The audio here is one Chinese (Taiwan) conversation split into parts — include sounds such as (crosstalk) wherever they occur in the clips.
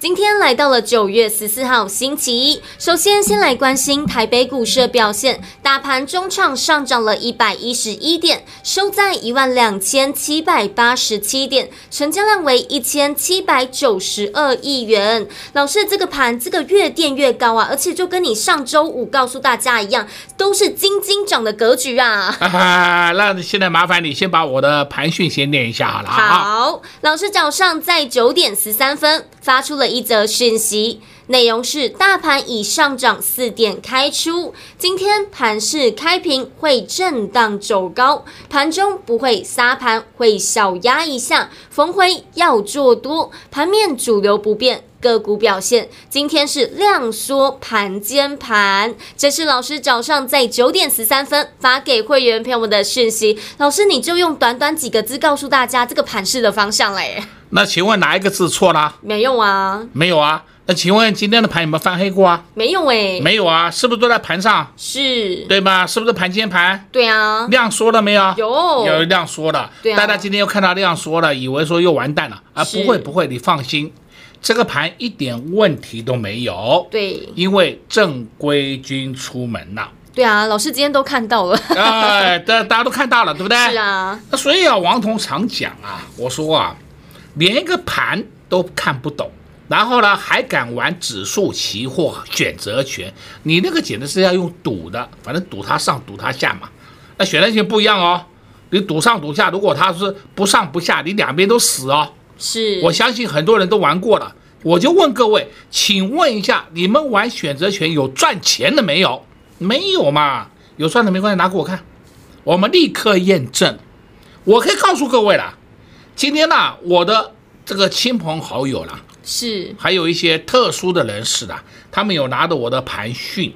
今天來到了九月十四號星期一，首先先來關心台北股市的表現，大盤終場上漲了一百一十一點，收在一萬兩千七百八十七點，成交量為一千七百九十二億元。老師，這個盤，這個越墊越高啊，而且就跟你上周五告訴大家一樣，都是驚驚漲的格局啊,啊。那現在麻煩你先把我的盤訊先念一下好了好，好老師早上在九點十三分發出了。一則訊息，內容是：大盤已上漲四點開出，今天盤勢開平會震盪走高，盤中不會殺盤，會小壓一下，逢回要做多，盤面主流不變。個股表現，今天是量縮盤堅盤。這是老師早上在九點十三分發給會員朋友們的訊息。老師，你就用短短幾個字告訴大家這個盤勢的方向嘞？那請問哪一個字錯了？沒有啊，沒有啊。那請問今天的盤有沒有翻黑過啊？沒有哎、欸，沒有啊，是不是都在盤上？是，對吧？是不是盤堅盤？對啊，量縮了沒有？有，有量縮了。對啊、大家今天又看到量縮了，以為說又完蛋了是啊？不會不會，你放心。這個盤一點問題都沒有，對，因為正規軍出門了，啊。對啊，老師今天都看到了，對， (laughs) 大家都看到了，對不對？是啊。那所以啊，王彤常講啊，我說啊，連一個盤都看不懂，然後呢，還敢玩指數期貨選擇權，你那個簡直是要用賭的，反正賭它上賭它下嘛。那選擇權不一樣哦，你賭上賭下，如果它是不上不下，你兩邊都死哦。是，我相信很多人都玩過了。我就問各位，請問一下，你們玩選擇權有賺錢的沒有？沒有嘛？有賺的沒關係，拿給我看，我們立刻驗證。我可以告訴各位了，今天呢，我的這個親朋好友了，是還有一些特殊的人士的，他們有拿着我的盤訊，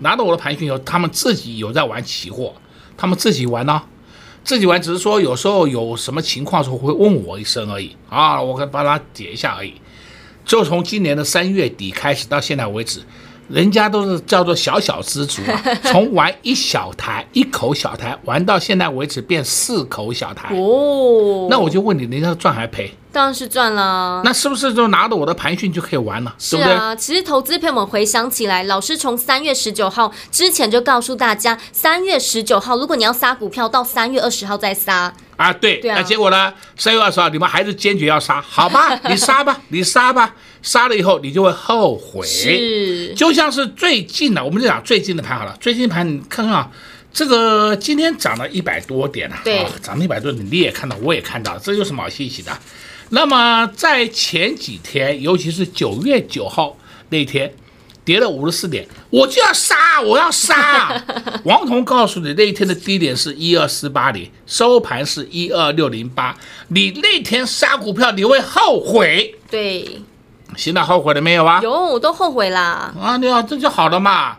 拿着我的盤訊以後，他們自己有在玩期貨，他們自己玩呢、哦。自己玩，只是說有時候有什麼情況的時候會問我一聲而已啊，我可以幫他解一下而已。就從今年的三月底開始到現在為止。人家都是叫做小小知足，從玩一小臺、一口小臺玩到現在為止，變四口小臺哦。那我就問你，人家賺還賠？當然是賺了。那是不是就拿着我的盤訊就可以玩了？是啊，其實投資朋友們回想起來，老師從三月十九號之前就告訴大家，三月十九號如果你要殺股票，到三月二十號再殺。啊，對，那對、啊啊、結果呢？三月二十號，你們還是堅決要殺，好吧？你殺吧， (laughs) 你殺吧，殺了以後你就會後悔。是 就像是最近的，我們就講最近的盤好了，最近盤你看看啊，這個今天漲了一百多點啊，對 哦、漲了一百多點，你也看到，我也看到，這又是毛信息的。那麼在前幾天，尤其是九月九號那天。跌了五十四點，我就要殺，我要殺！ (laughs) 王彤告訴你，那一天的低點是一二四八零，收盤是一二六零八。你那天殺股票，你會後悔。對，現在後悔了沒有啊？有，我都後悔啦。啊，你好、啊，這就好了嘛。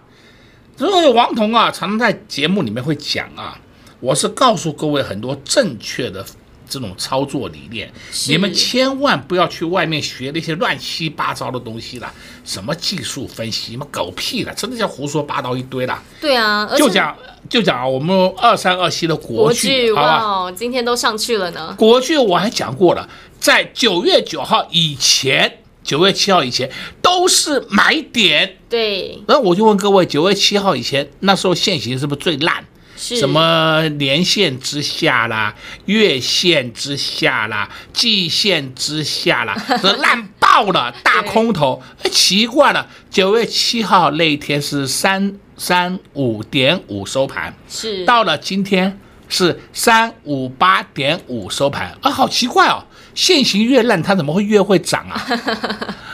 因為王彤啊，常常在節目裡面會講啊，我是告訴各位很多正確的。這種操作理念，是 你們千萬不要去外面學那些亂七八糟的東西啦。什麼技術分析嘛，狗屁啦，真的叫胡說八道一堆啦。對啊，就講就講啊，我們二三二七的國巨，哇，今天都上去了呢。國巨我還講過了，在九月九號以前，九月七號以前都是買點。對，那我就問各位，九月七號以前那時候線型是不是最爛？什麼年線之下啦，月線之下啦，季線之下啦，都爛爆了，大空頭。唉，奇怪了，九月七號那一天是三三五點五收盤，是到了今天是三五八點五收盤啊，好奇怪哦，線型越爛它怎麼會越會漲啊？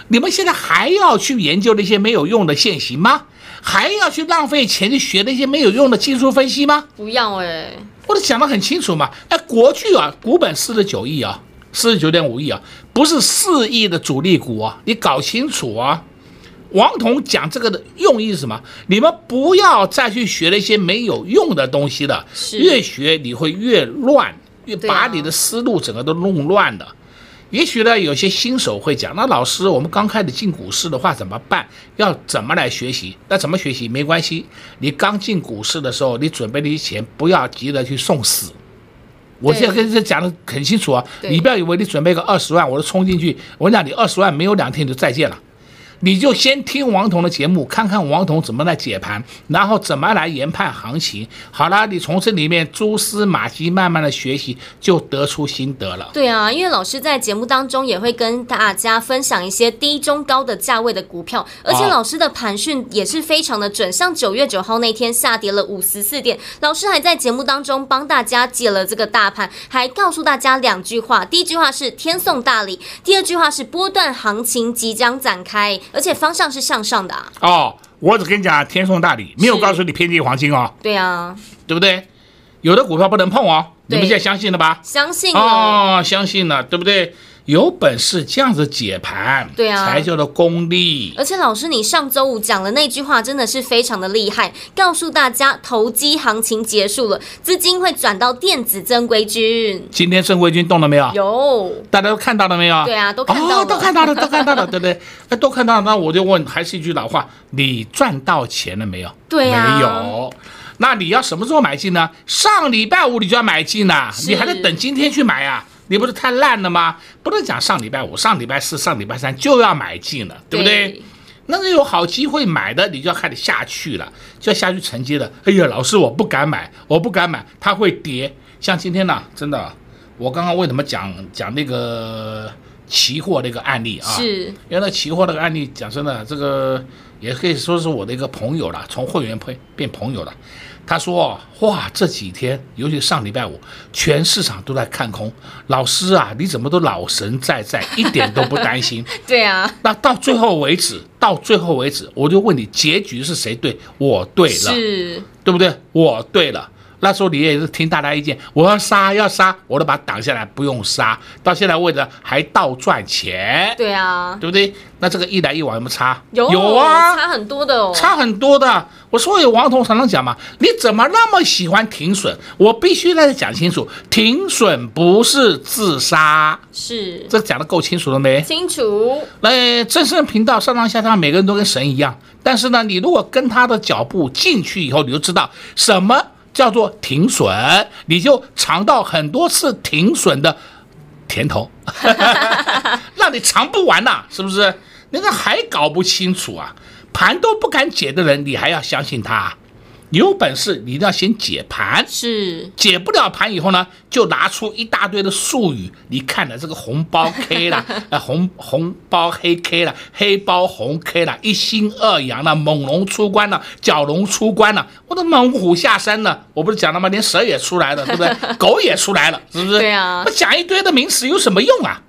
你們現在還要去研究那些沒有用的線型嗎？還要去浪費錢去學那些沒有用的技術分析嗎？不要誒、哎，我都講得很清楚嘛。哎，國巨啊，股本四十九億啊，四十九點五億啊，不是四億的主力股啊，你搞清楚啊。王彤講這個的用意是什麼？你們不要再去學那些沒有用的東西了，是越學你會越亂，越把你的思路整個都弄亂的。也許呢，有些新手會講，那老師，我們剛開始進股市的話怎麼辦？要怎麼來學習？那怎麼學習？沒關係，你剛進股市的時候，你準備那些錢，不要急着去送死。我現在跟你講的很清楚啊，對你不要以為你準備個二十萬，對我就衝進去。我跟你講，你二十萬沒有兩天就再見了。你就先聽王彤的節目，看看王彤怎麼來解盤，然後怎麼來研判行情。好了，你從這裡面蛛絲馬跡慢慢的學習，就得出心得了。對啊，因為老師在節目當中也會跟大家分享一些低、中、高的價位的股票，而且老師的盤訊也是非常的準。像九月九號那天下跌了五十四點，老師還在節目當中幫大家解了這個大盤，還告訴大家兩句話：第一句話是天送大禮，第二句話是波段行情即將展開。而且方向是向上的，啊、哦，我只跟你講天送大禮，沒有告訴你遍地黃金哦。對啊，對不對？有的股票不能碰哦，對你們現在相信了吧？相信了，哦哦，相信了，對不對？有本事這樣子解盤，對啊，才叫做功力。啊、而且老師，你上週五講的那句話真的是非常的厲害，告訴大家投機行情結束了，資金會轉到電子正規軍。今天正規軍動了沒有？有，大家都看到了沒有？對啊，都看到了，哦、都看到了， (laughs) 都看到了，對不對？都看到了，那我就問，還是一句老話，你賺到錢了沒有？對啊，沒有。那你要什麼時候買進呢？上禮拜五你就要買進啦，你還得等今天去買啊。你不是太爛了嗎？不能講上禮拜五、上禮拜四、上禮拜三就要買進了，對不對？對，那你有好機會買的，你就要開始下去了，就要下去承接了。哎呀，老師，我不敢買，我不敢買，它會跌。像今天呢，真的，我剛剛為什麼講講那個期貨那個案例啊？是，原來期貨那個案例，講真的，這個也可以說是我的一個朋友了，從會員變變朋友了。他說：“哇，這幾天，尤其上禮拜五，全市場都在看空。老師啊，你怎麼都老神在在， (laughs) 一點都不擔心？” (laughs) 對啊，那到最後為止，到最後為止，我就問你，結局是誰對？我對了，是對不對？我對了。那時候你也是聽大家意見，我要殺要殺，我都把它擋下來，不用殺。到現在為止還倒賺錢，對啊，對不對？那這個一來一往有沒有差？有啊，有啊，差很多的哦，差很多的。我說有王彤常常講嘛，你怎麼那麼喜歡停損？我必須來講清楚，停損不是自殺，是這講的夠清楚了沒？清楚。那正盛頻道上上下下每個人都跟神一樣，但是呢，你如果跟他的腳步進去以後，你就知道什麼。叫做停損，你就嘗到很多次停損的甜頭， (laughs) 讓你嘗不完吶、啊，是不是？那個還搞不清楚啊，盤都不敢解的人，你還要相信他，啊？你有本事你一定要先解盤，是解不了盤以後呢，就拿出一大堆的術語，你看了這個紅包 K 了、 (laughs) 呃，紅紅包黑 K 了，黑包紅 K 了，一心二陽了，猛龍出關了，角龍出關了，我的猛虎下山了，我不是講了嗎？連蛇也出來了， (laughs) 對不對？狗也出來了，是不是？對呀、啊，那講一堆的名詞有什麼用啊？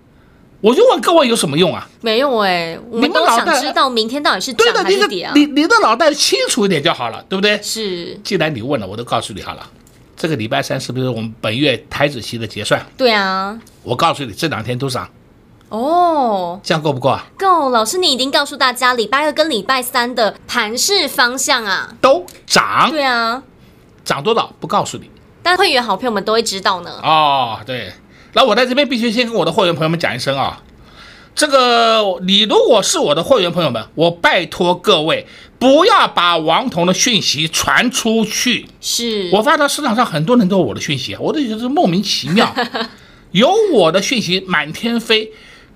我就問各位有什麼用啊？沒用哎、欸，你們都想知道明天到底是漲還是跌啊？你你的腦袋清楚一點就好了，對不對？是。既然你問了，我都告訴你好了。這個禮拜三是不是我們本月台指期的結算？對啊。我告訴你這兩天都漲。哦。這樣夠不夠啊？夠。老師，你已經告訴大家禮拜二跟禮拜三的盤勢方向啊？都漲長。對啊。漲多少不告訴你。但會員好朋友們都會知道呢。哦，對。那我在這邊必須先跟我的會員朋友們講一聲啊，這個你如果是我的會員朋友們，我拜托各位不要把王彤的訊息傳出去。是，我發現市場上很多人都有我的訊息，我都覺得是莫名其妙，有我的訊息滿天飛，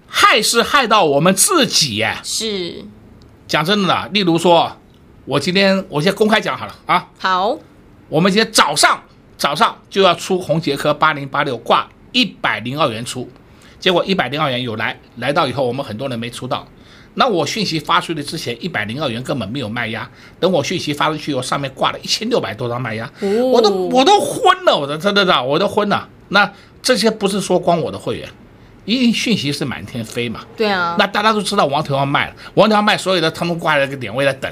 害是害到我們自己。是，講真的，例如說，我今天我先公開講好了啊。好，我們今天早上早上就要出宏捷科八零八六掛。一百零二元出，結果一百零二元有來來到以後，我們很多人沒出到。那我訊息發出去之前，一百零二元根本沒有賣壓。等我訊息發出去以後，我上面掛了一千六百多張賣壓，我都我都昏了，我都真的是，我都昏了。那這些不是說光我的會員，因為訊息是滿天飛嘛。對啊。那大家都知道王頭要賣了，王頭要賣，所有的他們掛了一個點位在等，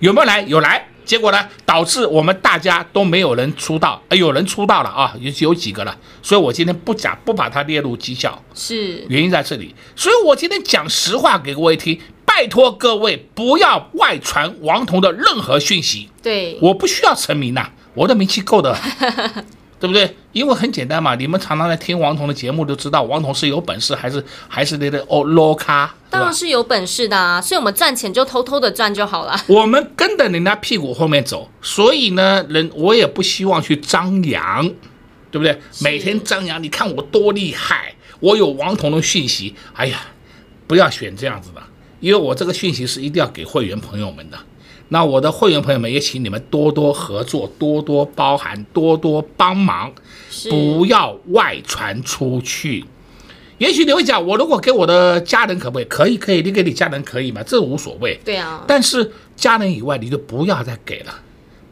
有沒有來？有來。結果呢，導致我們大家都沒有人出道，欸有人出道了啊，有有幾個了。所以我今天不講，不把它列入績效，是原因在這裡。所以我今天講實話給各位聽，拜托各位不要外傳王彤的任何訊息。對，我不需要成名吶、啊，我的名氣夠的。 (laughs) 對不對？因為很簡單嘛，你們常常在聽王彤的節目都知道，王彤是有本事還是還是那個哦 low 咖。Oka, 當然是有本事的啊，所以我們賺錢就偷偷的賺就好了。我們跟着人家屁股後面走，所以呢，人我也不希望去張揚，對不對？是每天張揚，你看我多厲害，我有王彤的訊息。哎呀，不要選這樣子的，因為我這個訊息是一定要給會員朋友們的。那我的會員朋友們也請你們多多合作，多多包涵，多多幫忙，是不要外傳出去。也許你會講，我如果給我的家人可不可以？可以，可以。你給你家人可以嗎？這無所謂。對啊。但是家人以外，你就不要再給了，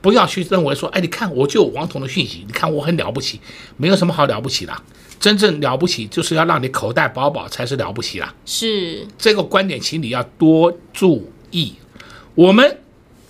不要去認為說，哎，你看我就有王彤的訊息，你看我很了不起，沒有什麼好了不起的。真正了不起就是要讓你口袋飽飽才是了不起啦。是。這個觀點，請你要多注意，我們。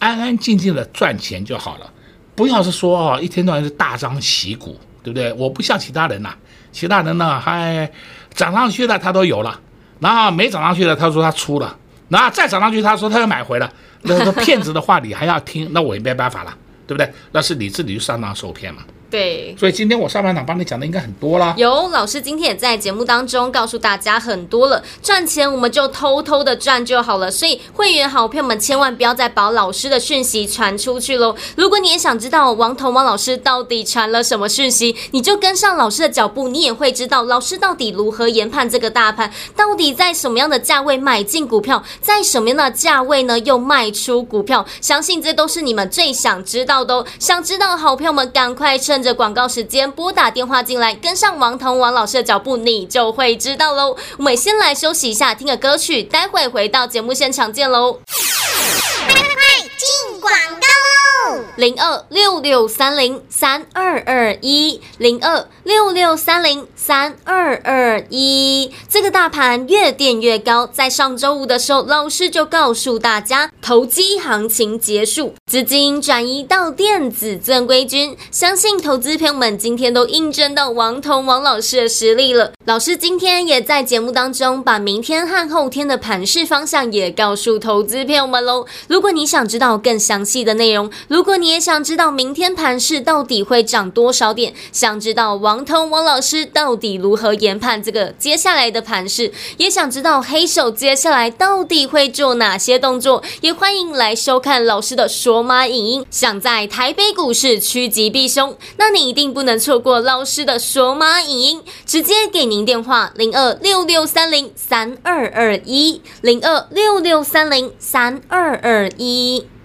安安靜靜的賺錢就好了，不要是說啊一天到晚是大張旗鼓，對不對？我不像其他人吶、啊，其他人呢還漲上去的他都有了，然後沒漲上去的他說他出了，然後再漲上去他說他又買回了，那騙子的話你還要聽，那我也沒辦法了，對不對？那是你自己就上當受騙嘛。對，所以今天我上半場幫你講的應該很多啦。有老師今天也在節目當中告訴大家很多了，賺錢，我們就偷偷的賺就好了。所以會員好朋友們千萬不要再把老師的訊息傳出去嘍。如果你也想知道王彤王老師到底傳了什麼訊息，你就跟上老師的腳步，你也會知道老師到底如何研判這個大盤，到底在什麼樣的價位買進股票，在什麼樣的價位呢又賣出股票。相信這都是你們最想知道的哦。想知道好朋友們趕快趁，的廣告時間，撥打電話進來，跟上王彤王老師的腳步，你就會知道嘍。我們先來休息一下，聽個歌曲，待會回到節目現場見嘍。快，進廣告。零二六六三零三二二一，零二六六三零三二二一，1, 1, 這個大盤越墊越高。在上周五的時候，老師就告訴大家，投機行情結束，資金轉移到電子正規軍。相信投資朋友們今天都印證到王彤王老師的實力了。老師今天也在節目當中把明天和後天的盤勢方向也告訴投資朋友們嘍。如果你想知道更詳細的內容，如如果你也想知道明天盤勢到底會漲多少點，想知道王通王老師到底如何研判這個接下來的盤勢，也想知道黑手接下來到底會做哪些動作，也歡迎來收看老師的說馬影音。想在台北股市趨吉避凶，那你一定不能錯過老師的說馬影音，直接給您電話零二六六三零三二二一零二六六三零三二二一。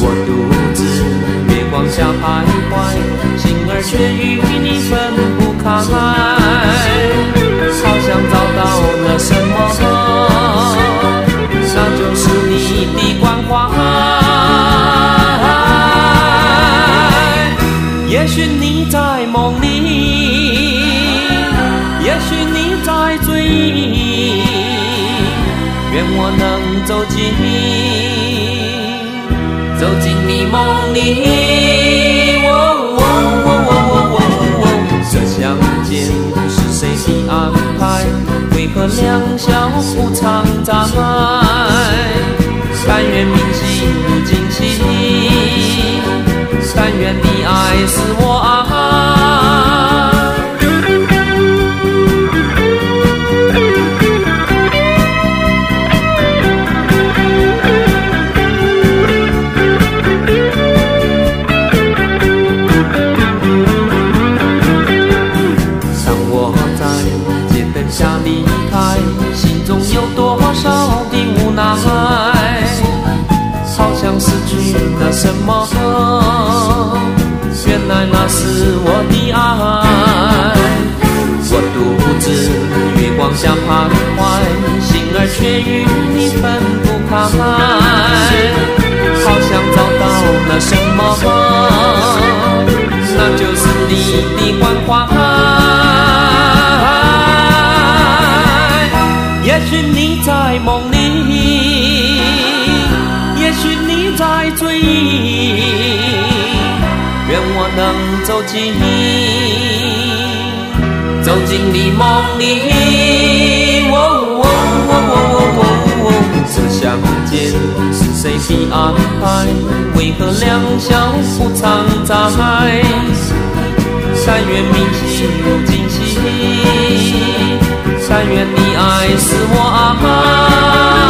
我獨自月光下徘徊，心兒卻與你分不開。好像找到了什麼，那就是你的關懷。也許你在夢裡，也許你在追憶，願我能走進。走進你夢裡，這、哦哦哦哦哦哦哦、相見是誰的安排？為何兩小無常障礙？但願明夕如今夕，但願你愛是我，那是我的愛，我獨自月光下徘徊，心兒卻與你分不開。好像找到了什麼話，那就是你的關懷。也許你在夢裡，也許你在追憶。能走進走進你夢裡，喔，相見是誰的安排？為何良宵不常在？三願明心如金星，三願你愛是我愛。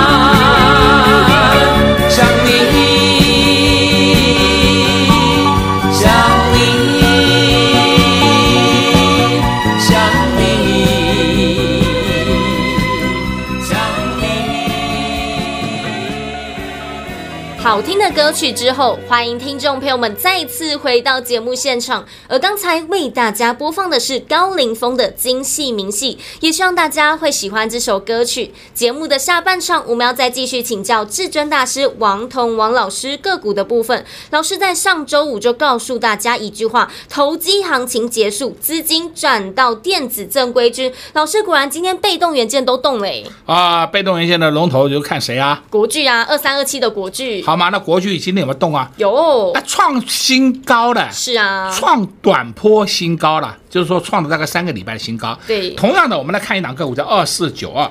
之後，歡迎聽眾朋友們再次回到節目現場。而剛才為大家播放的是高凌風的《精細明細》，也希望大家會喜歡這首歌曲。節目的下半場，我們要再繼續請教至尊大師王彤王老師個股的部分。老師在上週五就告訴大家一句話：投機行情結束，資金轉到電子正規軍。老師果然今天被動元件都動哎！啊、呃，被動元件的龍頭就看誰啊？國巨啊，二三二七的國巨。好嘛，那國巨已經。你有沒有動啊？有，啊，創新高了，是啊，創短波新高了，就是說創了大概三個禮拜的新高。對，同樣的，我們來看一檔個股叫二四九二，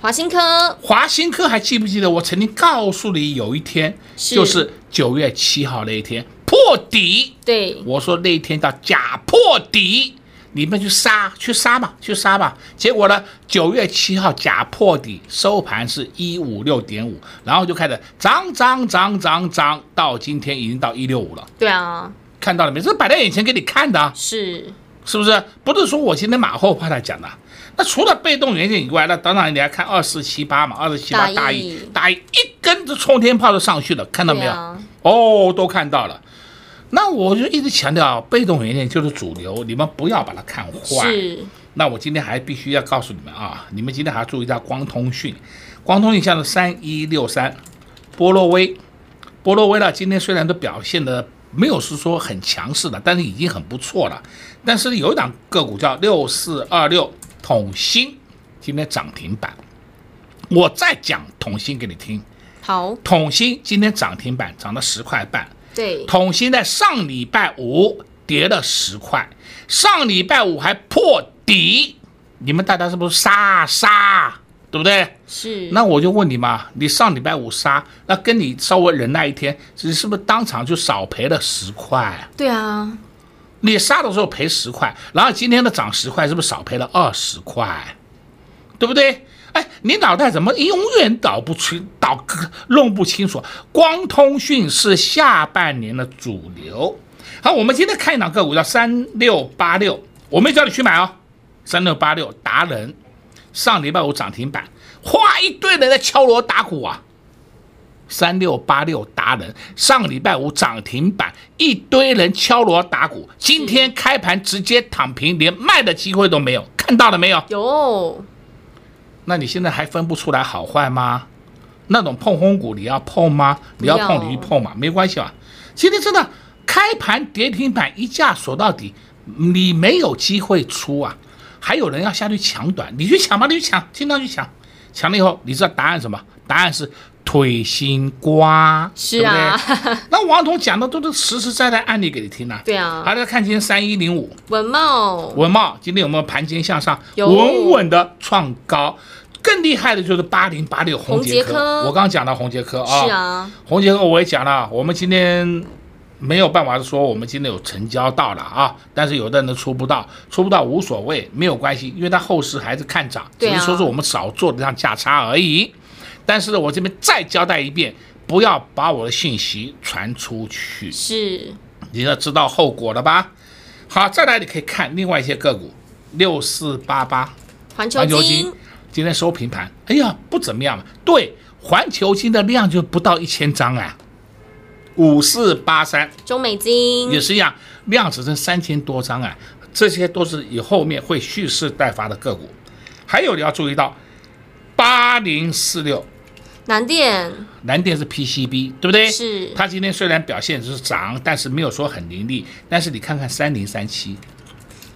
華新科。華新科還記不記得我曾經告訴你，有一天是就是九月七號那一天破底？對，我說那一天叫假破底。你們去殺，去殺吧，去殺吧。結果呢，九月七號假破底收盤是一五六點五，然後就開始漲漲漲漲漲，到今天已經到一六五了。對啊，看到了沒？這是擺在眼前給你看的，啊，是是不是？不是說我今天馬後炮來講的。那除了被動元件以外，那當然你要看二四七八嘛，二四七八大一，大一一根就衝天炮就上去了，看到沒有？對啊，哦，都看到了。那我就一直強調，被動元件就是主流，你們不要把它看壞。是。那我今天還必須要告訴你們啊，你們今天還要注意一下光通訊，光通訊像是三一六三、波若威、波若威呢、啊，今天雖然都表現的沒有是說很強勢的，但是已經很不錯了。但是有一檔個股叫六四二六，統新今天漲停板。我再講統新給你聽。好。統新今天漲停板，漲到十塊半。對，桶芯在上禮拜五跌了十塊，上禮拜五還破底，你們大家是不是殺啊殺啊，對不對？是。那我就問你嘛，你上禮拜五殺，那跟你稍微忍耐一天，你是不是當場就少賠了十塊？對啊，你殺的時候賠十塊，然後今天的漲十塊，是不是少賠了二十塊？對不對？哎，你腦袋怎麼永遠倒不出倒，弄不清楚？光通訊是下半年的主流。好，我們今天看一檔個股，叫三六八六。我沒叫你去買哦。三六八六達人，上禮拜五漲停板，嘩，一堆人在敲鑼打鼓啊。三六八六達人，上禮拜五漲停板，一堆人敲鑼打鼓。今天開盤直接躺平，嗯、連賣的機會都沒有。看到了沒有？有。那你現在還分不出來好壞嗎？那種碰風股，你要碰嗎？你要碰你就碰嘛，沒，有沒關係嘛、啊。今天真的開盤跌停板一價，鎖到底，你沒有機會出啊。還有人要下去搶短，你去搶吧，你去搶，盡量去搶。搶了以後，你知道答案是什麼？答案是。腿心瓜是啊對對，那王彤講的都是實實在在案例給你聽啊。對啊好，好，要看今天三一零五文茂帽 文茂，今天我們盤堅向上，猶豫 穩穩的創高。更厲害的就是八零八六紅杰科，我剛,剛講到紅杰科啊，是啊、哦。紅杰科我也講了，我們今天沒有辦法說我們今天有成交到了啊，但是有的人出不到，出不到無所謂，沒有關係，因為他後市還是看漲，只是對、啊、說是我們少做這樣價差而已。但是呢，我這邊再交代一遍，不要把我的信息傳出去。是，你要知道後果了吧？好，再來，你可以看另外一些個股：六四八八、環球金，今天收平盤。哎呀，不怎麼樣嘛。對，環球金的量就不到一千張啊。五四八三、中美金也是一樣，量只剩三千多張啊。這些都是以後面會蓄勢待發的個股。還有，你要注意到八零四六。南電，南電是 PCB，對不對？是。它今天雖然表現是漲，但是沒有說很凌厲。但是你看看三零三七，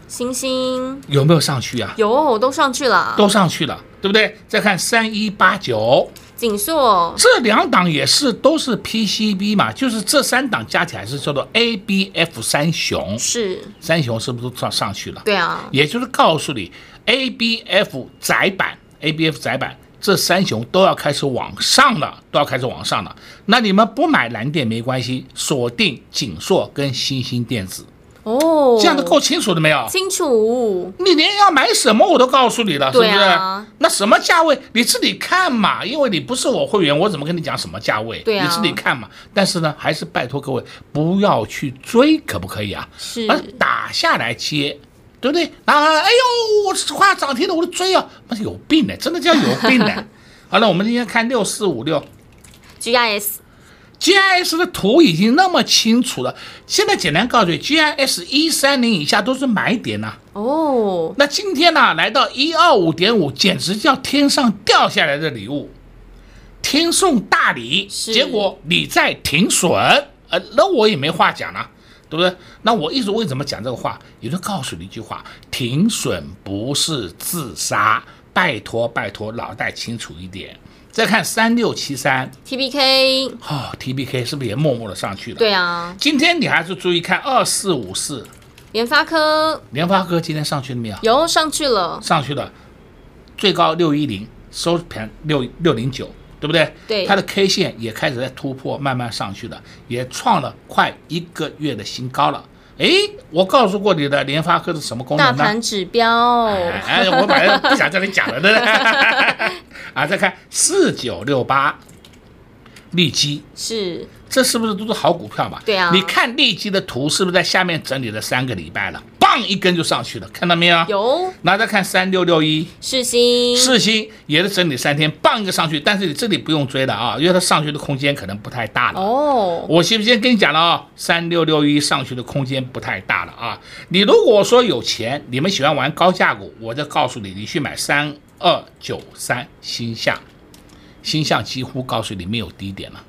欣興有沒有上去啊？有，我都上去了。都上去了，對不對？再看三一八九，景碩，這兩檔也是都是 PCB 嘛，就是這三檔加起來是叫做 ABF 三雄。是。三雄是不是都上上去了？對啊。也就是告訴你 ABF 載板，ABF 載板。這三雄都要開始往上了，都要開始往上了。那你們不買藍電沒關係，鎖定景碩跟欣興電子。哦，這樣的夠清楚的沒有？清楚。你連要買什麼我都告訴你了，是不是？啊、那什麼價位你自己看嘛，因為你不是我會員，我怎麼跟你講什麼價位？對、啊、你自己看嘛。但是呢，還是拜托各位不要去追，可不可以啊？是，而打下來接。對不對？啊，哎呦，我話漲停了，我都追啊！不是有病的，真的叫有病的。 (laughs) 好了，我們今天看六四五六，G I S，G I S 的圖已經那麼清楚了，現在簡單告訴你，G I S 一三零以下都是買點吶。哦，那今天呢，來到一二五點五，簡直叫天上掉下來的禮物，天送大禮。是結果你在停損，呃，那我也沒話講了。對不對？那我一直為什麼講這個話？也就告訴你一句話：停損不是自殺。拜託，拜託，腦袋清楚一點。再看三六七三 T B K，哦 T B K 是不是也默默的上去了？對啊。今天你還是注意看二四五四，聯發科。聯發科今天上去了沒有？有上去了。上去了，最高六一零，收盤六六零九。對不對？對，它的 K 線也開始在突破，慢慢上去了，也創了快一個月的新高了。哎，我告訴過你的聯發科是什麼功能呢？大盤指標哦，哎，哎，我本來不想在這裡講了的。 (laughs) (laughs) 啊，再看四九六八，利基是，這是不是都是好股票嘛？對啊，你看利基的圖是不是在下面整理了三個禮拜了？棒一根就上去了，看到沒有？有，那再看三六六一，世芯，世芯也是整理三天，棒一個上去，但是你這裡不用追了啊，因為它上去的空間可能不太大了。哦，我先先跟你講了啊，三六六一上去的空間不太大了啊。你如果說有錢，你們喜歡玩高價股，我再告訴你，你去買三二九三鈊象，鈊象幾乎告訴你沒有低點了，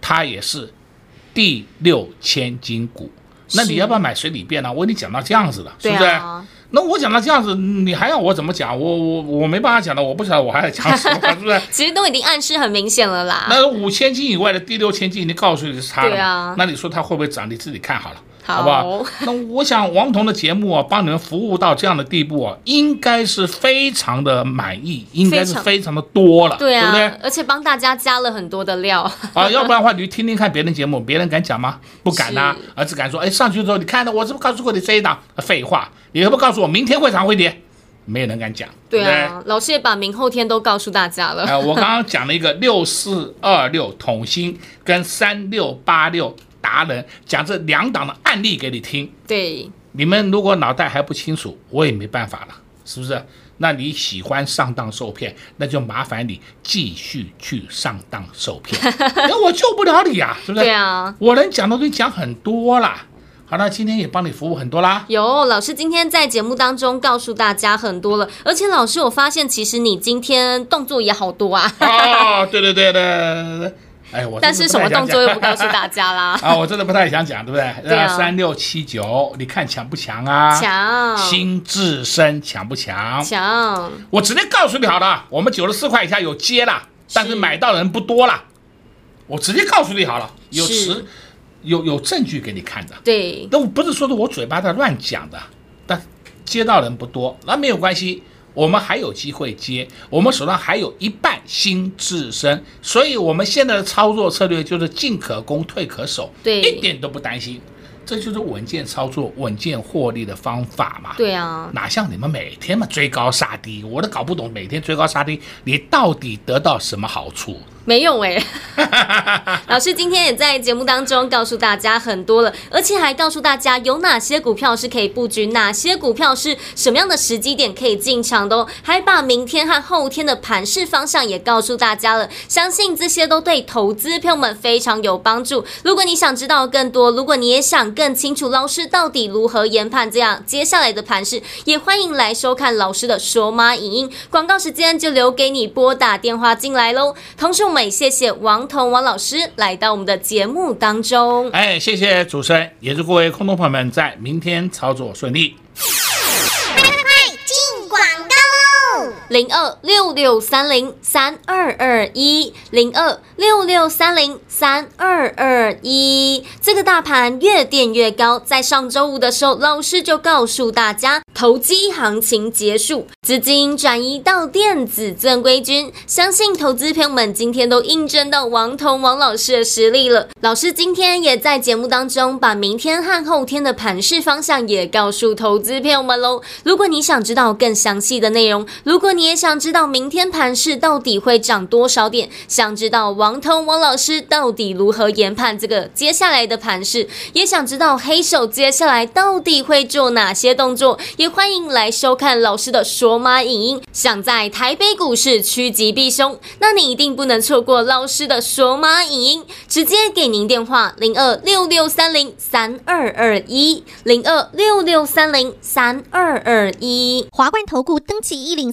它也是第六千金股。那你要不要買隨你便呢、啊？我已經講到這樣子了，是，是不是？啊、那我講到這樣子，你還要我怎麼講？我我我沒辦法講了，我不曉得我還要講什麼， (laughs) 是不是？其實都已經暗示很明顯了啦。那五千斤以外的第六千斤已經告訴你是他了。對啊、那你說他會不會漲？你自己看好了。好不好？好，那我想王彤的節目啊，幫你們服務到這樣的地步啊，應該是非常的滿意，應該是非常的多了，常對，啊、對不對？而且幫大家加了很多的料啊， (laughs) 要不然的話，你聽聽看別人節目，別人敢講嗎？不敢吶、啊，只是敢說，哎，上去之後，你看到我是不是告訴過你這一檔、啊、廢話，你會不告訴我明天會漲會跌？沒有人敢講。對啊，對不對？老師也把明後天都告訴大家了。哎，我剛剛講了一個六四二六、同心 (laughs) 跟三六八六。達人講這兩檔的案例給你聽，對，你們如果腦袋還不清楚，我也沒辦法了，是不是？那你喜歡上當受騙，那就麻煩你繼續去上當受騙，那我救不了你呀、啊，是不是？對啊，我能講的東西講很多啦。好，那今天也幫你服務很多啦有。有老師今天在節目當中告訴大家很多了，而且老師我發現其實你今天動作也好多啊。哦，對對對對對對。哎、我但是什麼動作又不告訴大家啦？ (laughs) 啊，我真的不太想講，對不對？三六七九，你看強不強啊？強搶，新至陞強不強？強。我直接告訴你好了，嗯、我們九十四塊以下有接了，但是買到的人不多了。是 我直接告訴你好了，有實，是 有有證據給你看的。對，都不是說的我嘴巴在亂講的，但接到人不多，那沒有關係。我們還有機會接，我們手上還有一半新資金。嗯、所以我們現在的操作策略就是進可攻，退可守，對，一點都不擔心，這就是穩健操作、穩健獲利的方法嘛。對啊，哪像你們每天嘛追高殺低，我都搞不懂，每天追高殺低，你到底得到什麼好處？沒用哎、欸， (laughs) 老師今天也在節目當中告訴大家很多了，而且還告訴大家有哪些股票是可以佈局，哪些股票是什麼樣的時機點可以進場的哦，還把明天和後天的盤勢方向也告訴大家了。相信這些都對投資朋友們非常有幫助。如果你想知道更多，如果你也想更清楚老師到底如何研判這樣接下來的盤勢，也歡迎來收看老師的說媽影音。廣告時間就留給你撥打電話進來嘍，同時。美，謝謝王彤王老師來到我們的節目當中。哎，謝謝主持人，也祝各位空中朋友們在明天操作順利。哎哎哎哎哎哎零二六六三零三二二一，零二六六三零三二二一，零二六六三零三二二一，這個大盤越墊越高。在上周五的時候，老師就告訴大家，投機行情結束，資金轉移到電子正規軍。相信投資朋友們今天都印證到王彤王老師的實力了。老師今天也在節目當中把明天和後天的盤勢方向也告訴投資朋友們嘍。如果你想知道更詳細的內容，如果你也想知道明天盤勢到底會漲多少點，想知道王通王老師到底如何研判這個接下來的盤勢，也想知道黑手接下來到底會做哪些動作，也歡迎來收看老師的鎖碼影音。想在台北股市趨吉避凶，那你一定不能錯過老師的鎖碼影音。直接給您電話，零二六六三零三二二一零二六六三零三二二一。2 2 1, 2 2華冠投顧登記一零。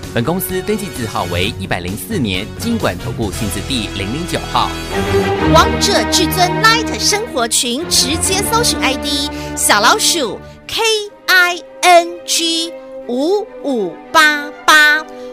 本公司登記字號為一百零四年金管投顧新字第零零九號。王者至尊 Light 生活群直接搜尋 ID 小老鼠 K I N G 五五八八。